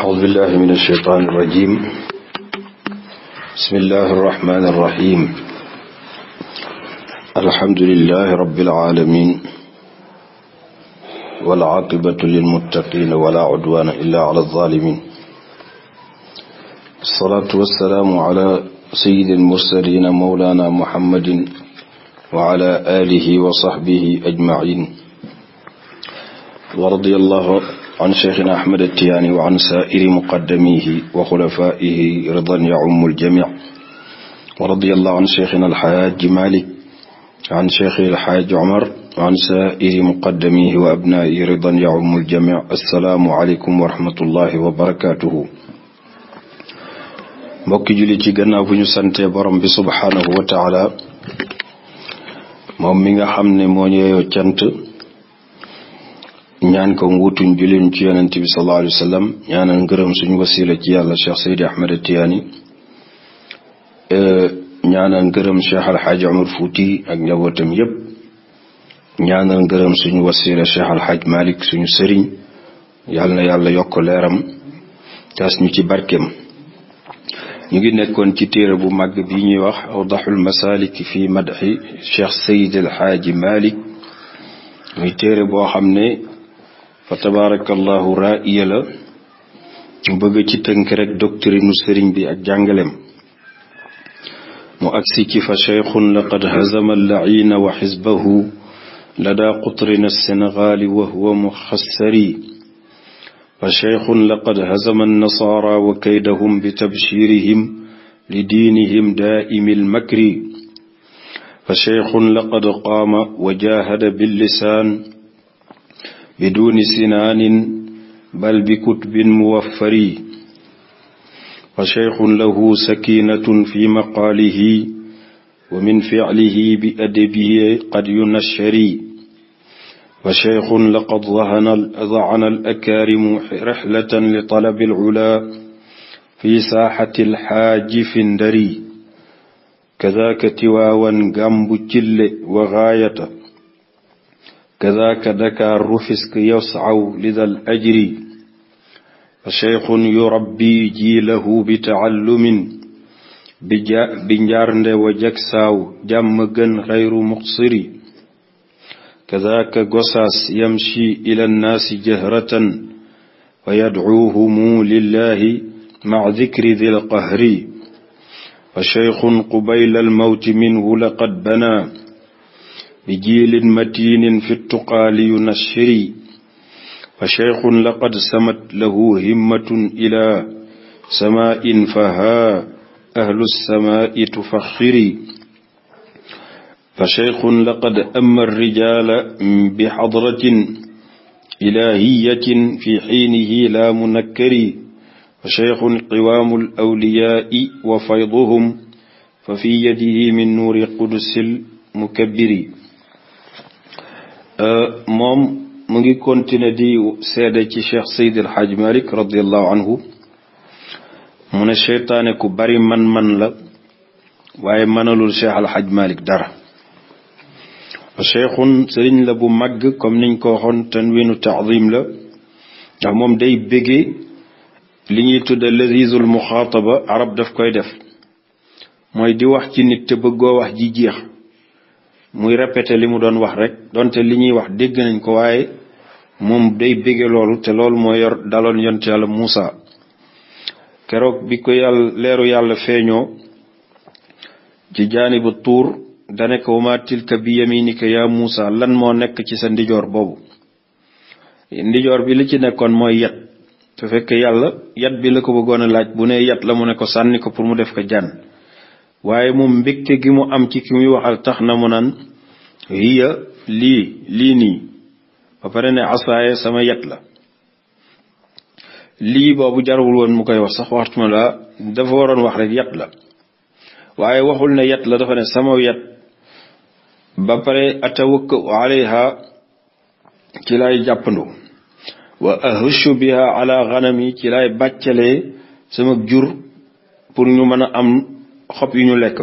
أعوذ بالله من الشيطان الرجيم بسم الله الرحمن الرحيم الحمد لله رب العالمين والعاقبة للمتقين ولا عدوان إلا على الظالمين الصلاة والسلام على سيد المرسلين مولانا محمد وعلى آله وصحبه أجمعين ورضي الله an cheikhina ahmad attiyaani wa an saairi muqaddamihi wa xulafaihi ridan yaumu aljami wa radiallahu an cheikhina alxaaji malik an cheikhi alxaaji omar wa an saairi muqaddamihi wa abnaa'i ridan yaumu aljami assalaamu aleykum wa rahmatullahi wa barakatuhu mbokki julli ci gannaaw bu ñu sante borom bi subhaanahu wa taala moom mi nga xam ne moo ñeeyoo cant ñaan ko nguutuñ julin ci yonent bi sallallahu alayhi wa suñu wasila ci yàlla cheikh seydi ahmed tiyaani e, ñaanal gërëm cheikh alxaaj omar fuuti ak njabootam yépp ñaanal gërëm suñu wasila cheikh alxaaj malik suñu sëriñ yàlla na yàlla yokk leeram taas ñu ci barkeem ñu ngi nekkoon ci téere bu màgg bi ñuy wax awdaxul masalik fi madxi cheikh seydi alxaaji malik muy téere boo xam ne fa tabarakallahu raaya la mu bëgg ci tënk rek doctrinu sëriñ bi ak jàngaleem mu agsi ci fa cheikhun laqad hazama allaina wa xisbahu ladaa qutrina sénégali wa huwa muxassari fa cheikhun laqad hazama annasaara wa kaydahum bi tabshirihim li diinihim daaimi almakri fa cheikhun laqad qaama wa jaahada billisaan بدون سنان بل بكتب موفر فشيخ له سكينة في مقاله ومن فعله بأدبه قد ينشري وشيخ لقد ضعن الأكارم رحلة لطلب العلا في ساحة الحاج فندري كذاك تواوا جنب جل وغايته kadaaka daka rufisk yascaw lidal ajri fa cheikhun yurabbi jiilahu bi taallumin bi njaarnde wa jag saaw jàmm gën xayru muqsiri kadaaka gosaas yamshi ila nnaasi jahratan fa yadcuuhumu lillahi mac dikri dil qahri fa cheikhun qubayla almawti minhu laqad banaa بجيل متين في التقى لينشري فشيخ لقد سمت له همة إلى سماء فها أهل السماء تفخري فشيخ لقد أما الرجال بحضرة إلهية في حينه لا منكر فشيخ قوام الأولياء وفيضهم ففي يده من نور قدس المكبر Euh, moom mu ngi continuer di seede ci cheikh Seydi El Hadj Malick radiallahu anhu mu ne seytaane ku bari man-man la waaye mënalul cheikh El Hadj Malick dara cheikhun sëriñ la bu màgg comme niñ ko waxoon tanwinu taadim la ndax moom day béggee li ñuy tudde lazizul muxaataba arab daf koy def mooy di wax ci nit te bëggoo wax ji jeex muy répété li mu doon wax rek donte li ñuy wax dégg nañ ko waaye moom day bége loolu te loolu moo yor daloon yonte yàlla Muusa keroog bi ko yàlla leeru yàlla feeñoo ci jaanibu tuur da nekk wama bi yaminika yaa Muusa lan moo nekk ci sa ndijoor boobu ndijoor bi li ci nekkoon mooy yat su yàlla yat bi la ko bëggoon a laaj bu ne yat la mu ne ko sànni ko pour mu def ko jaan waaye moom mbégte gi mu am ci ki muy waxal tax na mu hiya lii lii nii ba pare ne asaaya sama yet la lii boobu jarul woon mu koy wax sax waxtuma la dafa waroon wax rek yet la waaye waxul na yet la dafa ne sama yet ba pare atawakka alayha ci laay jàppandu wa ahushu biha ala ganami ci lay bàccalee sama jur pour ñu mën a am xob yi ñu lekk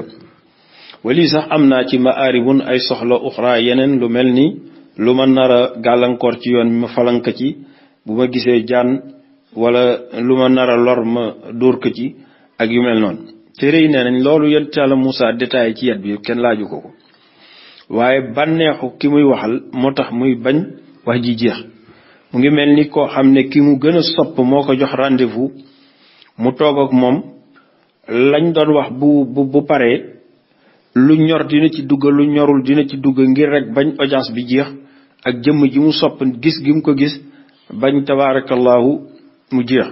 wa sax am naa ci ma maaribun ay soxla uxra yeneen lu mel ni lu ma nar a gàllankoor ci yoon bi ma falanka ci bu ma gisee jaan walla lu ma nara lor ma dóor ko ci ak yu mel noonu téere yi nee nañ loolu yent yàlla Moussa détaillé ci yet bi kenn laaju ko ko waaye bànneexu ki muy waxal moo tax muy bañ wax ji jeex mu ngi mel ni koo xam ne ki mu gën a sopp moo ko jox rendez-vous mu toog ak moom lañ doon wax bu bu bu paree lu ñor dina ci dugg lu ñorul dina ci dugg ngir rek bañ audience bi jeex ak jëmm ji mu sopp gis gi mu ko gis bañ tabaarakallaahu mu jeex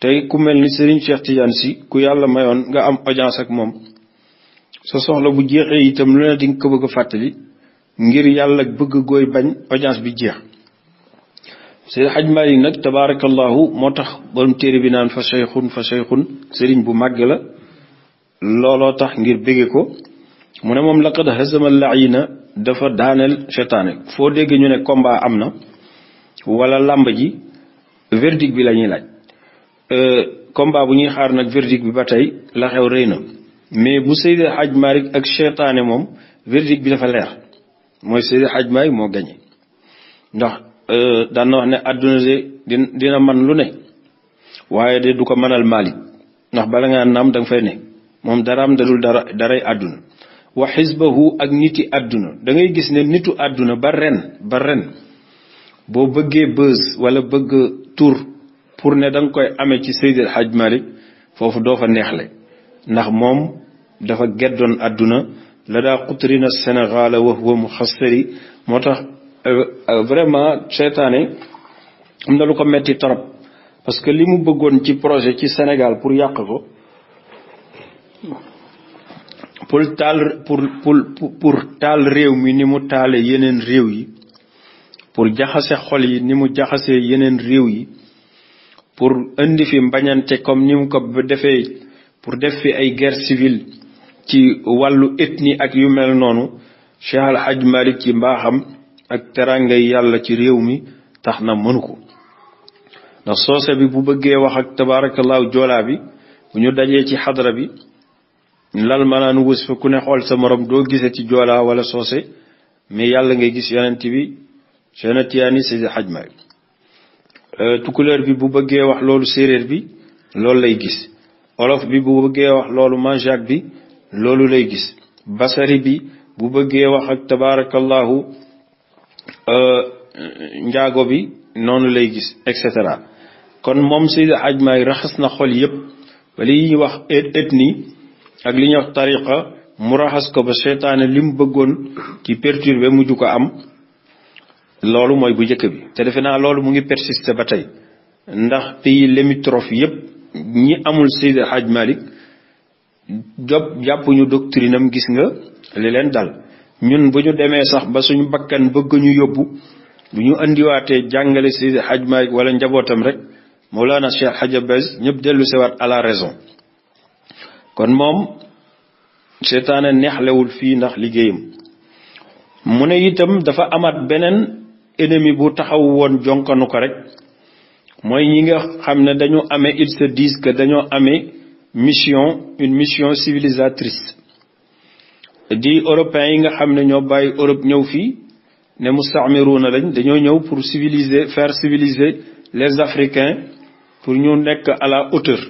tey ku mel ni sëriñ Cheikh Tidiane si ku yàlla mayoon nga am audience ak moom sa soxla bu jeexee itam lu ne di ko bëgg fàttali ngir yàlla bëgg gooy bañ audience bi jeex seen xaj Malik nag tabaarakallaahu moo tax borom téere bi naan fa seyxun fa sëriñ bu màgg la looloo tax ngir bége ko mu ne moom la laqad hazama laina dafa daaneel seytaane foo dégg ñu ne komba am na wala làmb ji verdict bi lañuy ñuy laaj euh, combat bu ñuy xaar nag verdict bi ba tey la xew rëy na mais bu Seydi Hadj Malick ak seytaane moom verdict bi dafa leer mooy Seydi Hadj Malick moo gañe ndax euh, daan na wax ne àdduna dina man lu ne waaye de du ko mënal Malick ndax bala ngaa naam danga fay ne moom daraam dadul dara daray àdduna wa xisbahu ak niti àdduna da ngay gis ne nitu àdduna ba ren ba ren boo bëggee bës wala bëgg tur pour ne da nga koy amee ci Seydil Hadj Malick foofu doo fa neexle ndax moom dafa geddoon àdduna la daa xutrina Sénégal wa huwa mu xasari moo tax euh, euh, vraiment seetaane am na lu ko metti trop parce que li mu bëggoon ci projet ci Sénégal pour yàq ko pour taal pour pour taal réew mi ni mu taale yeneen réew yi pour jaxase xol yi ni mu jaxase yeneen réew yi pour indi fi mbañante comme ni mu ko defee pour def fi ay guerre civile ci wàllu ethnie ak yu mel noonu Cheikh Al Hadj Malick ci mbaaxam ak terangay yàlla ci réew mi tax na mënu ko ndax soose bi bu bëggee wax ak tabaarakallaahu joolaa bi bu ñu dajee ci xadra bi lal ma naan wus ku ne xool sa moroom doo gisee ci joolaa wala soose mais yàlla ngay gis yonent bi Seexna Tijaani Seydi Hajj Maalik euh, tukulóor bi bu bëggee wax loolu séeréer bi loolu lay gis olof bi bu bëggee wax loolu manjaak bi loolu lay gis basari bi bu bëggee wax ak tabaarakallahu euh, njaago bi noonu lay gis et cetera kon moom Seydi Hajj Maalik raxas na xol yépp ba li ñuy wax ethnie ak li ñuy wax tariqa mu raxas ko ba seytaane li mu bëggoon ci perturbé mujj ko am loolu mooy bu njëkk bi te defe naa loolu mu ngi persister ba tey ndax pays limitrophes yépp ñi amul Seydi Hadj Malick job jàpp ñu doctrine am gis nga li leen dal ñun bu ñu demee sax ba suñu bakkan bëgg ñu yóbbu bu ñu indiwaatee jàngale Seydi Hadj Malick wala njabootam rek Mawlana Cheikh Hadj Abaz ñëpp dellu sewaat à la raison kon moom seytaane neexlewul fii ndax liggéeyam mu ne itam dafa amaat beneen ennemi bu taxaw woon jonkanu ko rek mooy ñi nga xam ne dañu amee ils se disent que dañoo amee mission une mission civilisatrice di européens yi nga xam ne ñoo bàyyi Europe ñëw fii ne na lañ dañoo ñëw pour civiliser faire civiliser les Africains pour ñu nekk à la hauteur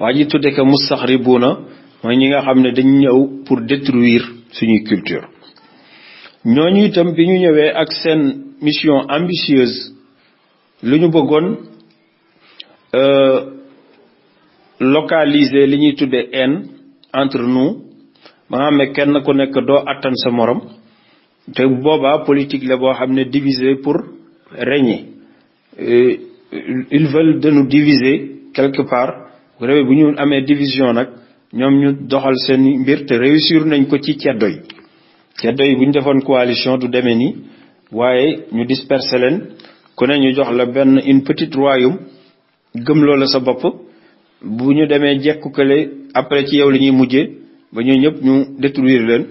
waa ji tudde que mustaxribuuna mooy ñi nga xam ne dañ ñëw pour détruire suñuy culture ñooñu itam bi ñu ñëwee ak seen mission ambitieuse lu ñu bëggoon euh, localiser li ñuy tuddee haine entre nous ba nga xam ne kenn ku nekk doo àttan sa morom te boobaa politique la boo xam ne diviser pour régner euh, ils veulent de nous diviser quelque part bu defee bu ñu amee division nag ñoom ñu doxal seeni mbir te réussir nañ ko ci ceddo yi ceddo yi bu ñu defoon coalition du demee nii waaye ñu disperser leen ku ne ñu jox la benn une petite royaume gëm loola sa bopp bu ñu demee jekku kële après ci yow la ñuy mujjee ba ñoo ñëpp ñu détruire leen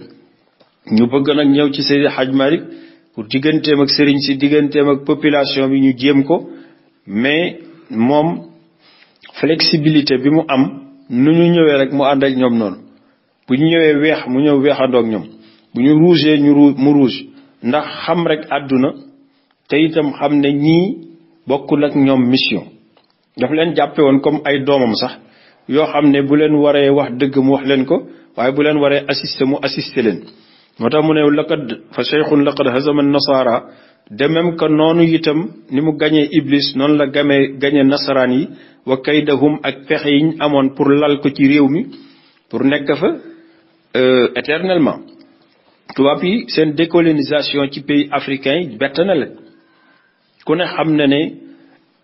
ñu bëgg nag ñëw ci Seydi Hadj Malick pour digganteem ak sëriñ si digganteem ak population bi ñu jéem ko mais moom flexibilité bi mu am nu ñu ñëwee rek mu ànd ak ñoom noonu bu ñu ñëwee weex mu ñëw weexandoog ñoom bu ñu rougee ñu mu rouge ndax xam rek àdduna te itam xam ne ñii bokkul ak ñoom mission daf leen jàppe woon comme ay doomam sax yoo xam ne bu leen waree wax dëgg mu wax leen ko waaye bu leen waree assister mu assister leen moo tax mu ne laqad fa cheikhun laqad hazama nasara de même que noonu itam ni mu gañee iblis noonu la gamee gañe nasaraan yi wa kaydahum ak pexe yi ñu amoon pour lal ko ci réew mi pour nekk fa euh, éternellement tubaab yi seen décolonisation ci pays africain yi bett na leen ku ne xam na ne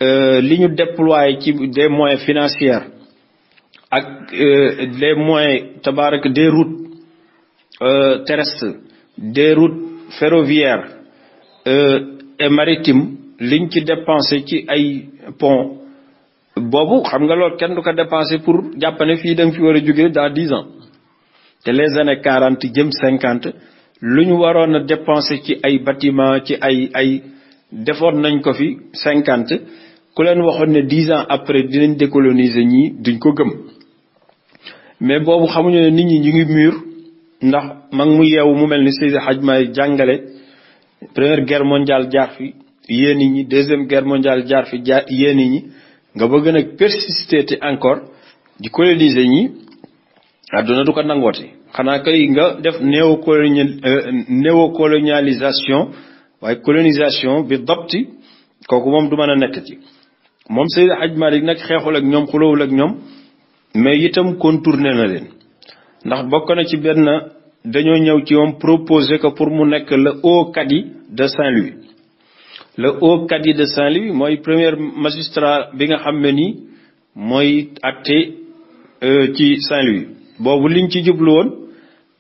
euh, li ñu déployé ci des moyens financiers ak euh, des moyens tabarak des routes terrestres des routes ferroviaires et maritimes liñ ci dépensé ci ay pont boobu xam nga loolu kenn du ko dépensé pour jàpp fii da nga fi war a jógee dans dix ans te les années quarante jëm cinquante lu ñu waroon a dépensé ci ay batiment ci ay ay defoon nañ ko fi cinquante ku leen waxoon ne dix ans après dinañ décoloniser ñii duñ ko gëm mais boobu xamuñu ne nit ñi ñu ngi mur ndax mag mu yeewu mu mel ni Seydi Hadj Maalik jàngale première guerre mondiale jaar fi yéen ñi deuxième guerre mondiale jaar fi jaar yéen ñi. nga bëgg nag persister te encore di coloniser ñi àdduna du ko nangoote xanaa kay nga def néocolonial euh, néocolonialisation waaye colonisation bi dabti kooku moom du mën a nekk ci moom Seydi Hadj Malick nag xeexul ak ñoom xulawul ak ñoom mais itam contourné na leen ndax bokk na ci benn dañoo ñëw ci moom proposé ko pour mu nekk la haut cadi de Saint-Louis le haut cadi de Saint-Louis mooy premier magistrat bi nga xam ne nii mooy atte euh, ci Saint-Louis boobu liñ ci jubluwoon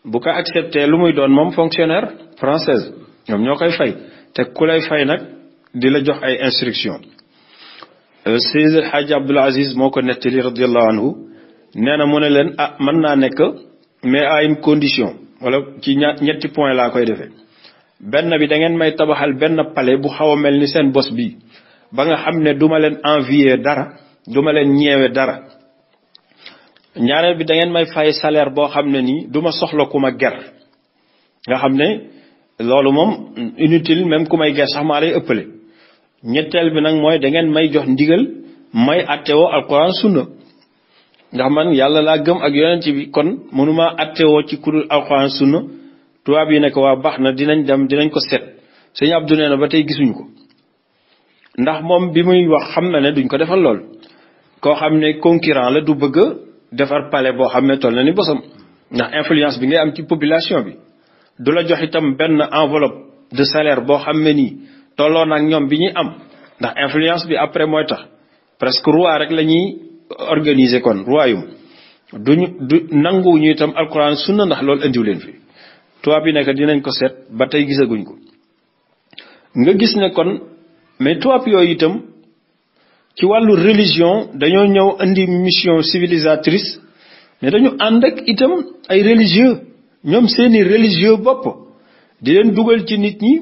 bu ko accepté lu muy doon moom fonctionnaire française ñoom ñoo koy fay te ku lay fay nag di la jox ay instruction euh, Seydi Hadji Abdoul Aziz moo ko nettali radiallahu anhu nee na mu ne leen ah mën naa nekk mais à une condition wala ci ñetti point laa koy defee benn bi da ngeen may tabaxal benn pale bu xaw a mel ni seen bos bi ba nga xam ne duma leen envier dara duma leen ñeewe dara ñaareel bi dangeen may fay salaire boo xam ne nii duma soxla ku ma ger nga xam ne loolu moom inutile même ku may ger sax maa lay ëppale ñetteel bi nag mooy dangeen may jox ndigal may attewoo alquran sunna ndax man yàlla laa gëm ak yonent bi kon mënuma woo ci kudul alquran sunna tubaab yi ne ko waa baax na dinañ dem dinañ ko seet sëñ ab nee na ba tey gisuñu ko ndax moom bi muy wax xam na ne duñ ko defal lool koo xam ne concurrent la du bëgg defar pale boo xam ne toll na ni bosam ndax influence bi ngay am ci population bi du la jox itam benn enveloppe de salaire boo xam ne nii tolloo nag ñoom bi ñuy am ndax influence bi après mooy tax presque roi rek la ñuy organiser kon royaume duñu du nanguwu ñu itam alquran na ndax loolu indiw leen tubaab yi nekk dinañ ko seet ba tey gisaguñ ko nga gis ne kon mais tubaab yooyu itam ci wàllu religion dañoo ñëw indi mission civilisatrice mais dañu ànd ak itam ay religieux ñoom seeni religieux bopp di leen dugal ci nit ñi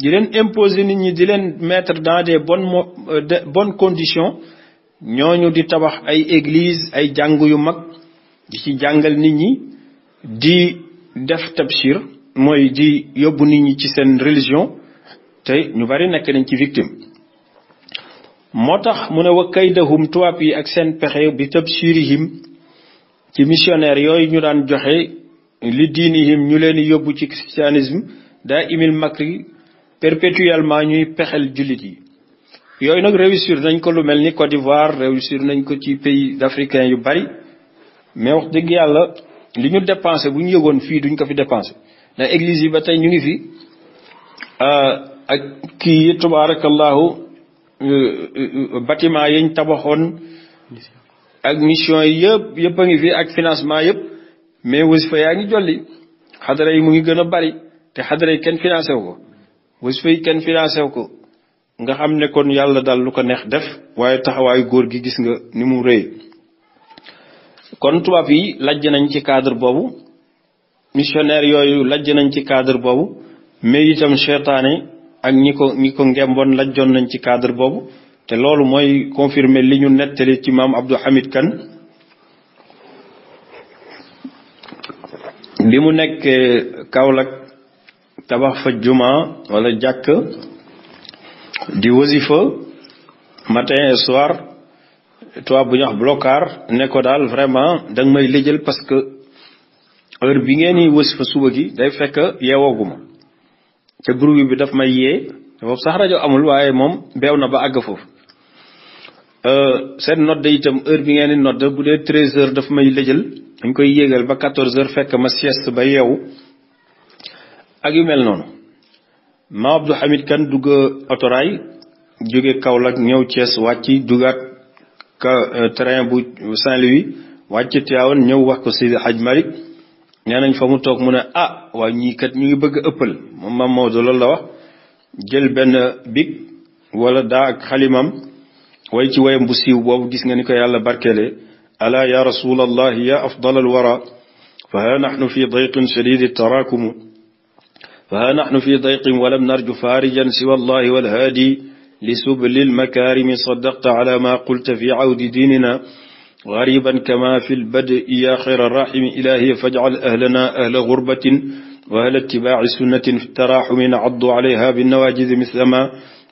di leen imposer nit ñi di leen mettre dans des bonnes mo euh, des bonnes conditions ñooñu di tabax ay église ay jàng yu mag di ci jàngal nit ñi di def tabshir mooy di yóbbu nit ñi ci seen religion te ñu bari nekk nañ ci victime moo tax mu ne wa kaydahum tubaab yi ak seen pexe bi tabshirihim ci missionnaire yooyu ñu daan joxe li diinihim ñu leen yóbbu ci christianisme daa imil makri perpétuellement ñuy pexel jullit yi yooyu nag réussir nañ ko lu mel ni Côte d'Ivoire réussir nañ ko ci pays africain yu bari mais wax dëgg yàlla li ñu dépensé bu ñu yëgoon fii duñ ko fi dépensé ndax église yi ba tey ñu ngi fi ah, ak kii yi tubaarakallaahu euh, euh, bâtiment yañ tabaxoon ak mission yi yëpp yëpp a ngi fi ak financement yëpp mais wasifa yaa ngi jolli xadara yi mu ngi gën a bari te xadara yi kenn financé wu ko wasifa yi kenn financé wu ko nga xam ne kon yàlla daal lu ko neex def waaye taxawaayu góor gi gis nga ni mu rëy kon tubaab yi lajj nañ ci cadre boobu missionnaire yooyu lajj nañ ci cadre boobu mais itam seytaane ak ñi ko ñi ko ngemboon lajjoon nañ ci cadre boobu te loolu mooy confirmer li ñu nettali ci maam Abdou Hamid kan li mu nekk eh, kawlak tabax fa juma wala jàkk di wasifa matin et tubaab bu ñuy wax blocar ne ko daal vraiment da nga may lijjal parce que heure bi ngeen di wasifa suba gi day fekk yeewooguma te groupe bi daf may yee foofu sax rajo amul waaye moom beew na ba àgg foofu euh, seen nodd itam heure bi ngeen di nodd bu dee treize heures daf may lijjal dañ koy yéegal ba quatorze heures fekk ma sieste ba yeewu ak yu mel noonu ma Abdou Hamid Kane dugg otoraay jóge Kaolack ñëw Thiès wàcc dugaat ka euh, train bu Saint-Louis wàcc Tivaouane ñëw wax ko Seydi Hadj Malick nee nañ fa mu toog mu ne ah wa ñii kat ñu ngi bëgg a ëppal moom la wax jël benn big wala daa ak xalimam way ci wayam bu siiw boobu gis nga ni ko yàlla barkeele ala ya rasul allah ya afdal alwara fa ha nahnu fi dayqin shadid taraakum fa ha nahnu fi dayqin walam narju farijan siwa allah walhaadi li sublil makaarimi saddaqta ala ma qulta fi awdi diinina gariban kama fi lbad'i ya xayra rahimi ilahiya fajcal ahlana ahla gurbatin wa ahla ittibaaci sunnatin fi taraaxumin addu alayha binnawaajidi misla ma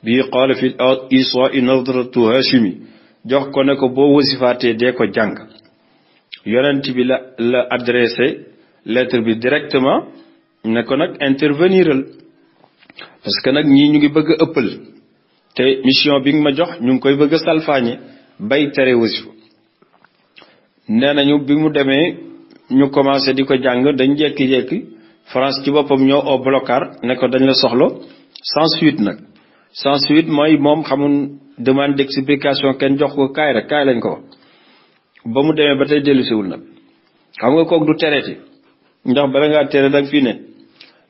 bii qaala fi isaai nadratu hashimi jox ko ne ko boo wasifaatee dee ko jàng yonent bi la la adressé lettre bi directement ne ko nag interveniral parce que nag ñii ñu ngi bëgg a ëppal te mission bi nga ma jox ñu ngi koy bëgg a salfaañe bay tere wasifa nee nañu bi mu demee ñu commencé di ko jàng dañ jekki-jekki France ci boppam ñoo au blocage ne ko dañ la soxla sans suite nag sans suite mooy moom xamul demande d'explication kenn jox ko kaay rek kaay lañ ko ba mu demee ba tey dellusiwul nag xam nga kook du tereeti ndax bala ngaa tere danga fii ne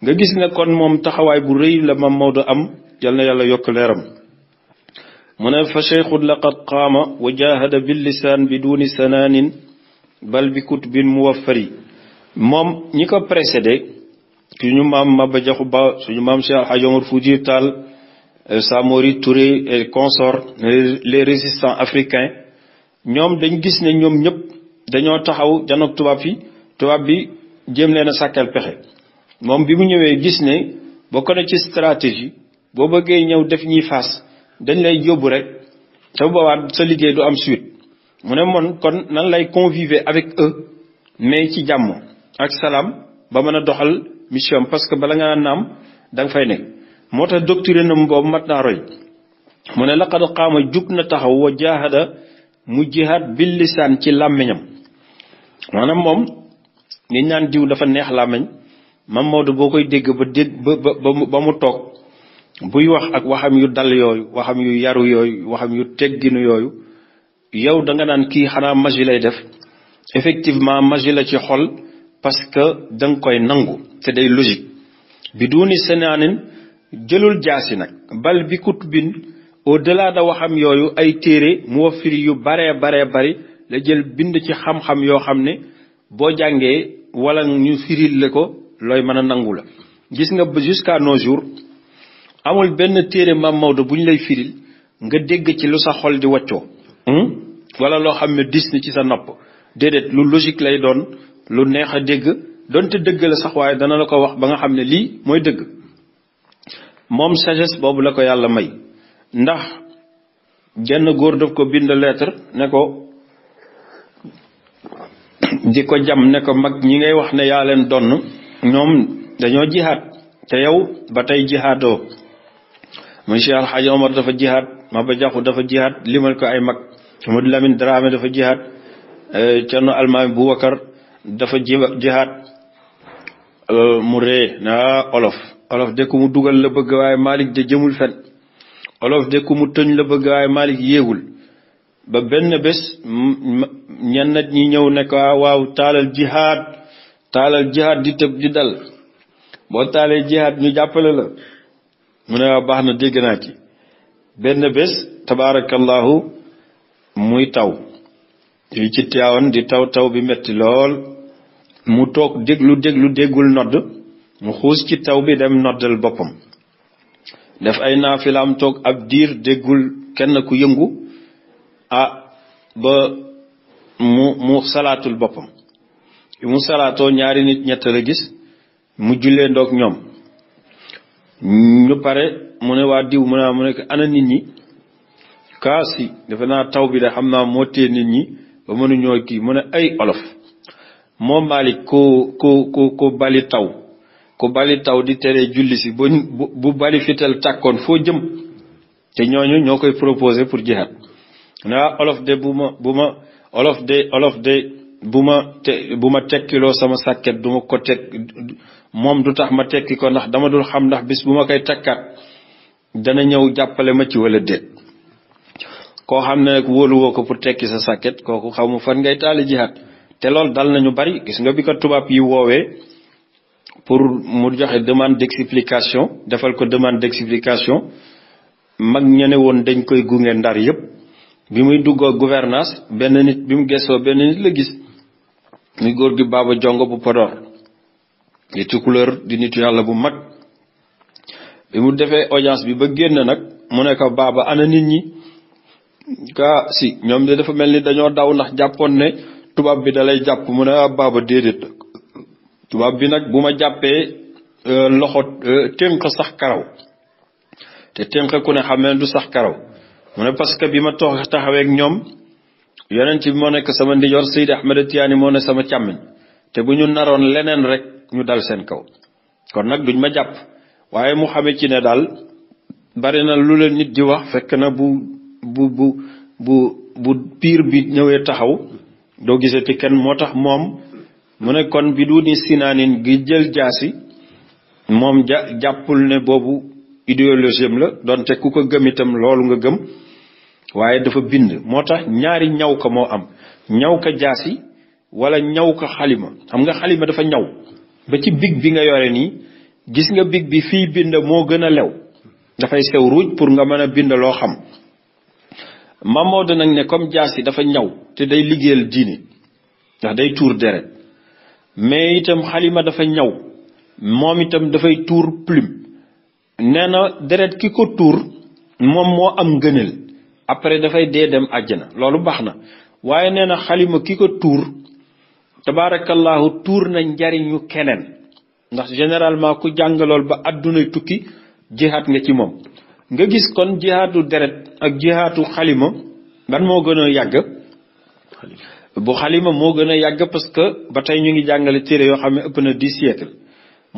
nga gis ne kon moom taxawaay bu rëy la ma Maodo am yal na yàlla yokk leeram mu ne fa cheikhun laqad qaama wa jahada billisaan bi duni sanaanin bal bi kutbin muwaffari moom ñi ko précédé ñu maam Maba Jaxu Ba suñu maam Cheikh Alhaji Omar Foutiyou Tall euh, Samori Touré et consorts les résistant africain ñoom dañ gis ne ñoom ñëpp dañoo taxaw janoog tubaab yi tubaab bi jéem leen a sàkkal pexe moom bi mu ñëwee gis ne bokk na ci stratégie boo bëggee ñëw def ñuy faas dañ lay yóbbu rek te bu sa liggéey du am suite mu ne mon kon nan lay conviver avec eux mais ci jàmm ak salaam ba mën a doxal mission parce que bala nga naam danga fay nekk moo tax doctrine am boobu mat naa roy mu ne laqad xaama jug na taxaw wa jaahada mu jihaad bil lisaan ci làmmiñam maanaam moom ngi naan diw dafa neex làmmiñ ma Mamadou boo koy dégg ba dégg ba ba mu toog buy wax ak waxam yu dal yooyu waxam yu yaru yooyu waxam yu tegginu yooyu yow danga nga naan kii xanaa magie lay def effectivement magie la ci xol parce que da koy nangu te day logique bi duuni senaanin jëlul jaasi nag bal bi kutbin au delà da waxam yooyu ay téere mu wafiri yu baree baree bari la jël bind ci xam-xam yoo xam ne boo jàngee wala ñu firil la ko looy mën a nangu la gis nga ba nos jours amul benn téere maam Maodo bu ñu lay firil nga dégg ci lu sa xol di waccoo hmm? wala loo xam ne dis na ci sa nopp déedéet lu logique lay doon lu neex a dégg donte dëgg la sax waaye dana la ko wax ba nga xam ne lii mooy dëgg moom sagesse boobu la ko yàlla may ndax genn góor daf ko bind lettre ne ko di ko jam ne ko mag ñi ngay wax ne yaa leen donn ñoom dañoo jihaat te yow ba tey jihaatoo mun Cheikh Alxaaji Omar dafa ma Maba Jaxu dafa jihaad limal ko ay mag Amadou Lamine Dramé dafa jihaad Cerno euh, Almaami Boubacar dafa jihaad euh, mu ree na olof olof de ku mu dugal la bëgg waaye Malick de jëmul fen olof de ku mu tëñ la bëgg waaye Malick yéegul ba benn bés ñenn ñi ñëw ne ko ah, waaw taalal jihaad taalal jihaad di tëb di dal boo taalee jihaad ñu jàppale la mu ne waa baax na dégg naa ci benn bés tabaarakallahu muy taw fii ci Tiwaawan di taw taw bi metti lool mu toog déglu déglu déggul nodd mu xuus ci taw bi dem noddal boppam def ay naafilaam toog ab diir déggul kenn ku yëngu ah ba mu mu salaatul boppam mu salaatoo ñaari nit ñett la gis mu jullee ndoog ñoom ñu pare mu ne waa diw mun ne mu ne ana nit ñi kaasi defe naa taw bi de xam naa moo tee nit ñi ba mënuñoo kii mu ne ay olof moo Malick ko ko ko ko bali taw ko bali taw di tere julli si bu bu bali fital tàkkoon foo jëm te ñooñu ñoo koy proposé pour jihaad naa ah, olof de bu ma bu ma olof de olof de bu ma te bu ma tekkiloo sama sàkket du ma ko teg moom du tax ma tekki ko ndax dama dul xam ndax bis bu ma koy takkaat dana ñëw jàppale ma ci wala déet koo xam ne nag wóoluwoo ko pour tekki sa sàkket kooku xaw ma fan ngay taali jihaat te loolu dal na ñu bari gis nga bi ko tubaab yi woowee pour mu joxe demande d'explication defal ko demande d'explication mag ña ne woon dañ koy gunge ndar yépp bi muy duggoo gouvernance benn nit bi mu gëstoo benn nit muy góor gi baaba jongo bu Podor di couleur di nitu yàlla bu mag bi mu defee audience bi ba génn nag mu ne baaba ana nit ñi kaa si ñoom de dafa mel ni dañoo daw ndax jàppoon ne tubaab bi dalay jàpp mu ne ah baaba déedéet tubaab bi nag bu ma jàppee euh, loxo euh, tënk sax karaw te tënk ku ne xam ne du sax karaw mu ne parce que bi ma toog taxawee ak ñoom. yonent ci moo nekk sama ndijoor Seydi Ahmed Tiyaani moo ne sama càmmiñ te bu ñu naroon leneen rek ñu dal seen kaw kon nag duñ ma jàpp waaye mu xamee ci ne daal bari na lu leen nit ji wax fekk na bu bu bu bu piir bi ñëwee taxaw doo gisati kenn moo tax moom mu ne kon bi du ni sinaanin gi jël jaasi moom ja jàppul ne boobu idéologie am la donte ku ko gëm itam loolu nga gëm waaye dafa bind moo tax ñaari ñaw ko moo am ñaw ka jaasi wala ñaw ko xalima xam nga xalima dafa ñaw ba ci big bi nga yore nii gis nga big bi fii bind moo gën a lew dafay sew ruuj pour nga mën a bind loo xam Mamadou nag ne comme jaasi dafa ñaw te day liggéeyal diine ndax day tuur deret mais itam xalima dafa ñaw moom itam dafay tuur plume nee na deret ki ko tuur moom moo am gënal après dafay dee dem àjjana loolu baax na waaye nee na xalima ki ko tuur tabaarakallahu tuur na njariñu keneen ndax généralement ku jàngalool lool ba àdduna tukki jihaat nga ci moom nga gis kon jihaatu deret ak jihaatu xalima ban moo gën a yàgg bu xalima moo gën a yàgg parce que ba tey ñu ngi jàngale téere yoo xam ne ëpp na dix siècle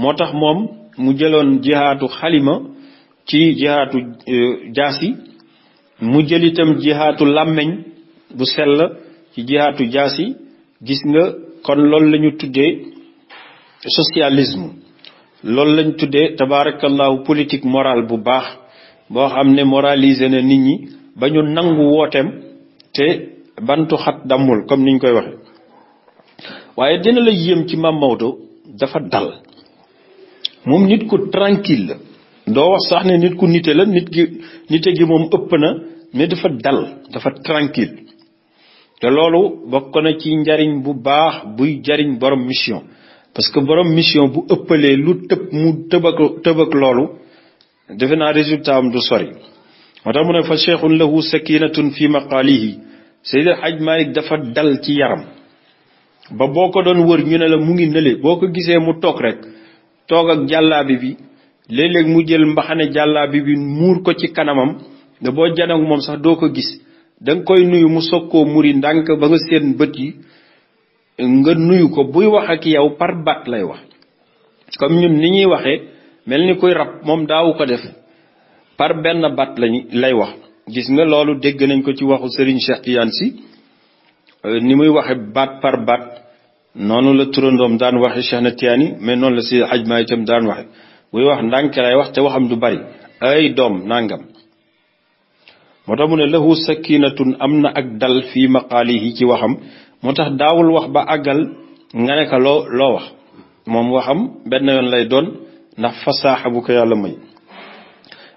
moo tax moom mu jëloon jihaatu xalima ci jihaatu euh, jaasi mu jël itam jihaatu làmmeñ bu sell ci jihaatu jaasi gis nga kon loolu lañu ñu tuddee socialisme loolu lañ tuddee tabaarakallahu politique morale bu baax boo xam ne moraliser ne nit ñi ba ñu nangu wooteem te bantu xat dammul comme niñ koy waxee waaye dina la yéem ci Mame Maodo dafa dal moom nit ku tranquille la doo wax sax ne nit ku nite la nit ki nite gi moom ëpp na mais dafa dal dafa tranquille te loolu bokk na ci njariñ bu baax buy jariñ borom mission parce que borom mission bu ëppalee lu tëb mu tëbak tëbak loolu defe naa résultat am du sori moo tax mu ne fa cheikhun lahu sakinatun fi maqaalihi Seydil Hadj Malick dafa dal ci yaram ba boo ko doon wër ñu ne la mu ngi nële boo ko gisee mu toog rek toog ak jàllaabi bi léegi mu jël mbaxane jàllaabi bi muur ko ci kanamam ne boo janag moom sax doo ko gis da koy nuyu mu soog koo muri ndànk ba nga seen bët yi nga nuyu ko buy wax ak yow par baat lay wax comme ñun ni ñuy waxee mel ni kuy rab moom daawu ko def par benn baat lañu lay wax gis nga loolu dégg nañ ko ci waxu Serigne Cheikh si Sy euh, ni muy waxe baat par baat noonu la turandoom daan waxe Cheikh na Tidiane mais noonu la si ajma itam daan waxe buy wax ndànk lay wax te waxam du bari ay doom nangam moo tax mu ne lahu sakinatun am na ak dal fii maqaalihi ci waxam moo tax daawul wax ba àggal nga ne ko loo loo wax moom waxam benn yoon lay doon ndax fasaaxa bu ko yàlla may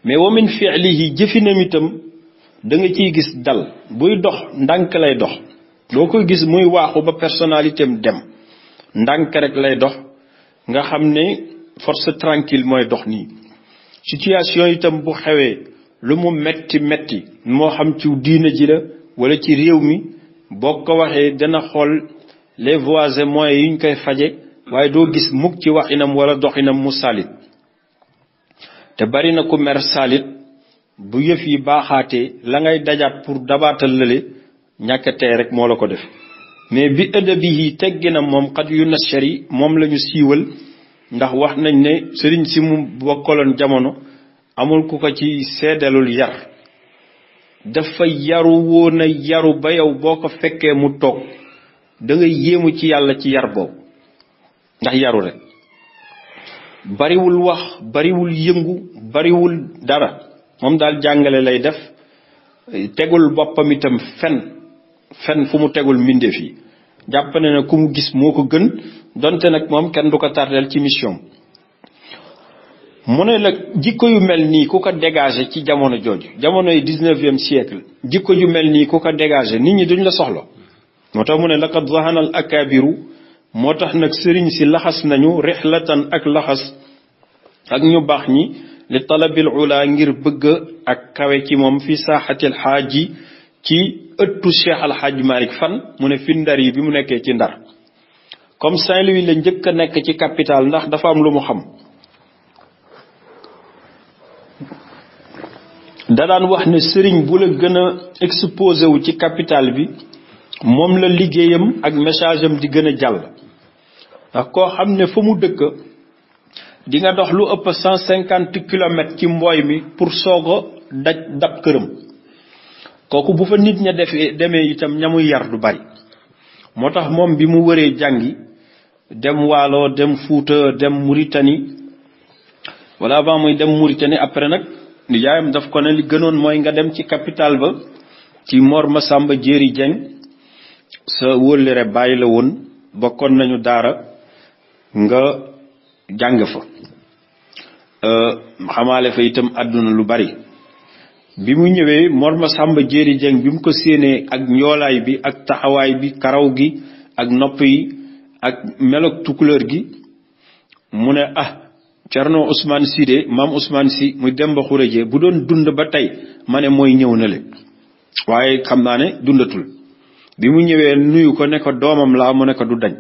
mais wa min fi'lihi jëfinam itam da ciy gis dal buy dox ndànk lay dox doo koy gis muy waaxu ba personnalité am dem ndànk rek lay dox nga xam ne force tranquille mooy dox nii situation itam bu xewee lu mu metti metti moo xam ci diina ji la wala ci réew mi boo ko waxee dana xool les voies et moyens koy faje waaye doo gis mukk ci wax inam wala doxinam mu salit te bari na ku mer salit bu yëf yi baaxaatee la ngay dajaat pour dabaatal lale ñàkkatee rek moo la ko def mais bi ëdda bi yi teggi moom xat yu nasher yi moom lañu siiwal ndax wax nañ ne sëriñ si mu bokkaloon jamono amul ku ko ci seedalul yar dafa yaru woon yaru ba yow boo ko fekkee mu toog dangay nga yéemu ci yàlla ci yar boobu ndax yaru rek bariwul wax bariwul yëngu bariwul dara moom daal jàngale lay def tegul boppam itam fenn fen fu mu tegul mbindeef yi jàpp ne ku mu gis moo ko gën donte nag moom kenn du ko tardeel ci mission mu ne la jikko yu mel nii ku ko dégagé ci jamono jooju jamono yi dix-neuvième siècle jikko yu mel nii ku ko dégage nit ñi duñ la soxla moo tax mu ne laqad ak akabiru moo tax nag sëriñ si laxas nañu rixlatan ak laxas ak ñu baax ñi li talabil ula ngir bëgg ak kawe ci moom fi saaxatil xaaji ci ëttu Cheikh Al Hadj fan mu ne fi ndar yi bi mu nekkee ci ndar comme Saint-Louis la njëkk a nekk ci capital ndax dafa am lu mu xam da daan wax ne sëriñ bu la gën a exposé wu ci capital bi moom la liggéeyam ak message am di gën a jàll ndax koo xam ne fa mu dëkk di nga dox lu ëpp cent cinquante kilomètres ci mbooy mi pour soog a daj dab këram kooku bu fa nit ña defee demee itam ñamuy yar lu bari moo tax moom bi mu wëree jàngi dem Waalo dem Fuuta dem Muritani wala avant muy dem Muritani après nag nijaayam daf ko ne li gënoon mooy nga dem ci capital ba ci Mor sàmba Jéeri Jeng sa wóllëre bàyyi la woon bokkoon nañu daara nga jàng fa euh, xamaale fa itam àdduna lu bari bi mu ñëwee Mor sàmba Jéeri Jeng bi mu ko séenee ak njoolaay bi ak taxawaay bi karaw gi ak nopp yi ak meloktu couleur gi mu ne ah Cerno Ousmane Sy de maam Ousmane Sy muy Demba Khouré bu doon dund ba tey ma ne mooy ñëw na le waaye xam naa ne dundatul bi mu ñëwee nuyu ko nekk doomam laa mu ne ko du dañ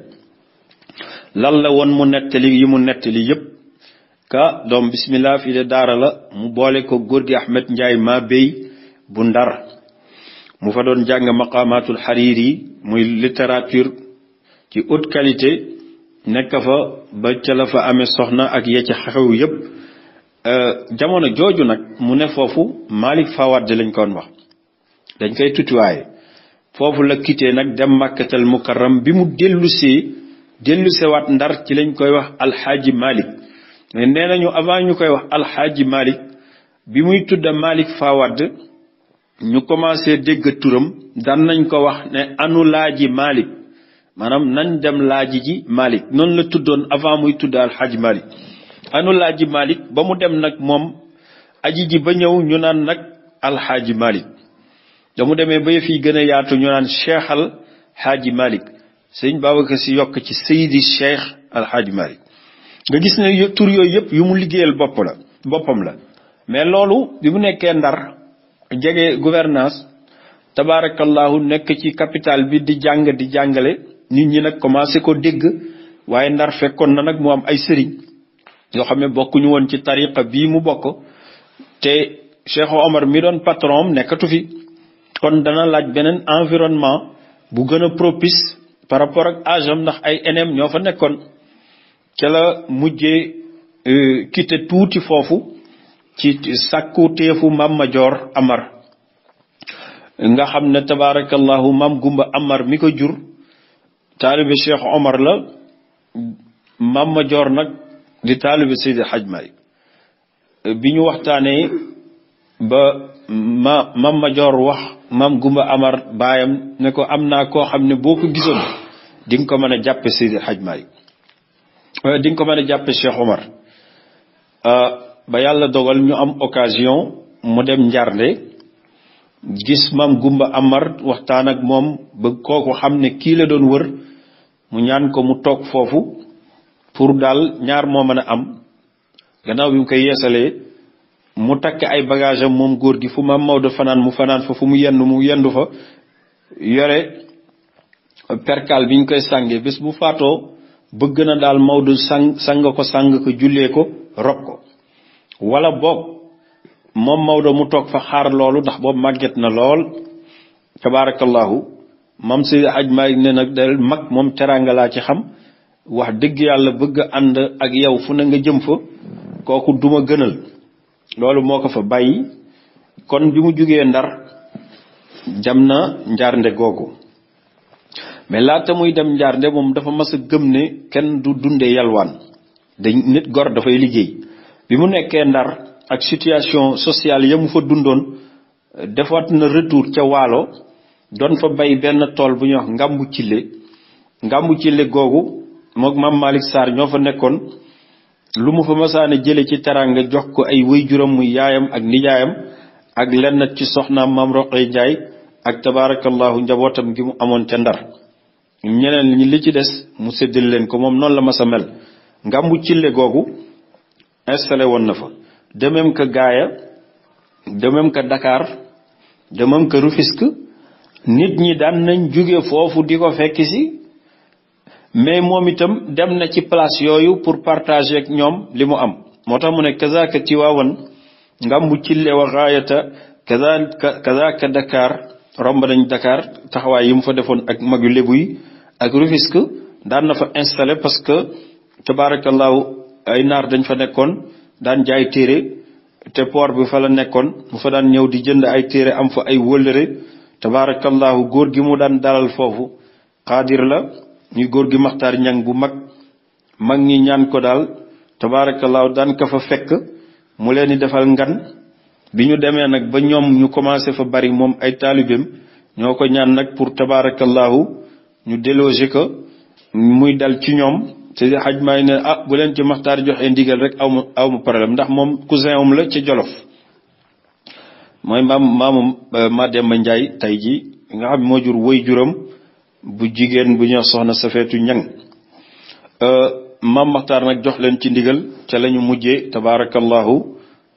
lan la woon mu nettali yi mu nettali yépp ka doom bismillah fii de daara la mu boole ko góor gi Ahmed njaay ma béy bu ndar mu fa doon jàng maqamatul Hariri yi muy littérature ci haute qualité nekk fa ba ca la fa amee soxna ak ya ci xew yépp euh, jamono jooju nag mu ne foofu Malick Fawad lañ koon wax dañ koy tutuwaaye foofu la quitté nag dem màkkatal mukarram bi mu dellusee dellusewaat ndar ci lañ koy wax alxaaji Malick mais nee nañu avant ñu koy wax alxaaji malik bi muy tudda Malick Fawad ñu commencé dégg turam daan nañ ko wax ne anu laaji Malick maanaam nañ dem laaji ji Malick noonu la tuddoon avant muy tudda alxaaji Malick anu laaji Malick ba mu dem nag moom aji ji ba ñëw ñu naan nag alxaaji Malick damu demee ba yëf gën a yaatu ñu naan cheikh alxaaji malik sëñ Babacar yokk ci seydi cheikh alxaaji Malick nga gis ne tur yooyu yëpp yu mu liggéeyal bopp la boppam la mais loolu bi mu nekkee ndar jege gouvernance tabaarakallahu nekk ci capital bi di jàng di jàngale nit ñi nag commencé ko dégg waaye ndar fekkoon na nag mu am ay sëriñ yoo xam ne bokkuñu woon ci tariqa bii mu bokk te Cheikh Omar mi doon patron nekkatu fi kon dana laaj beneen environnement bu gën a propice par rapport ak âge ndax ay eneem ñoo fa nekkoon ca mujje mujjee euh, tuuti foofu ci sàkku teefu maam Majoor Amar nga xam ne tabaarakallahu maam Gumba Amar mi ko jur taalibe Cheikh Omar la maam Majoor nag di taalibe Seydi Hadj Malick bi ñu waxtaanee ba ma maam wax maam Gumba Amar baayam ne ko am naa koo xam ne boo ko gisoon di ko mën a jàppe Seydi Hadj Malick Euh, di nga ko man a jàppe Cheikh Omar euh, ba yàlla dogal ñu am occasion mu dem njarnde gis maam Gumba Amar waxtaan ak moom ba kooku xam ne kii la doon wër mu ñaan ko mu toog foofu pour daal ñaar moo mën a am gannaaw bi koy yeesalee mu takk ay bagage am moom góor gi fu maam Maodo fanaan mu fanaan fa fu mu yendu mu yendu fa yore perkal bi ñu koy sàngee bés bu faatoo bëgg na daal Maodo sang sang ko sang ko jullee ko rob ko wala boog moom Maodo mu toog fa xaar loolu ndax boobu màgget na lool tabaarakallaahu mam si aj maay ne nag del mag moom teraanga laa ci xam wax dëgg yàlla bëgg ànd ak yow fu ne nga jëm fa kooku duma gënal loolu moo ko fa bàyyi kon bi mu jógee ndar jam na njaarnde googu mais laata muy dem njaar nde moom dafa mas gëm ne kenn du dunde yalwaan da nit gor dafay liggéey bi mu nekkee ndar ak situation sociale ya mu fa dundoon defaat na retour ca waalo doon fa bay benn tool bu ñuy wax ngàmbu cille ngàmbu cille googu mook maam Malick Sarr ñoo fa nekkoon lu mu fa masaana jële ci teraanga jox ko ay juróom mu yaayam ak nijaayam ak lenn ci soxnaam maam Roqe Njaay ak tabaarakallaahu njabootam gi mu amoon ca ndar ñeneen ñi li ci des mu séddale leen ko moom noonu la ma a mel ngàmbu cille googu installé woon na fa de même que Gaaya de même que Dakar de même nit ñi daan nañ jóge foofu di ko fekk si mais moom itam dem na ci place yooyu pour partager ak ñoom li mu am moo tax mu ne kazaka Tiwaawan ngàmbu cille wa Gaayata kazaka kazaka Dakar romb nañ Dakar taxawaay yi mu fa defoon ak mag yu lébu yi ak Rufisque daan na fa installé parce que tabaarakallaahu ay naar dañ fa nekkoon daan jaay téere te port bi fa la nekkoon mu fa daan ñëw di jënd ay téere am fa ay wëllëre tabaarakallaahu góor gi mu daan dalal foofu xaadir la ñuy góor gi maxtaar ñang bu mag mag ñi ñaan ko daal tabaarakallaahu daan ka fa fekk mu leen di defal ngan bi ñu demee nag ba ñoom ñu commencé fa bari moom ay taalibeem ñoo ko ñaan nag pour tabaarakallaahu ñu délogé ko muy dal ci ñoom te Seydi Hadj Malick ne ah bu leen ci Maxtaar joxee ndigal rek aw ma aw ndax moom cousin am la ci Jolof mooy maam maamu euh, Mademba Ndiaye tey jii nga xam moo jur woy juram bu jigéen bu ñoo soxna Safeetu Ñang euh, maam Maxtaar nag jox leen ci ndigal ca la ñu mujjee tabaarakallahu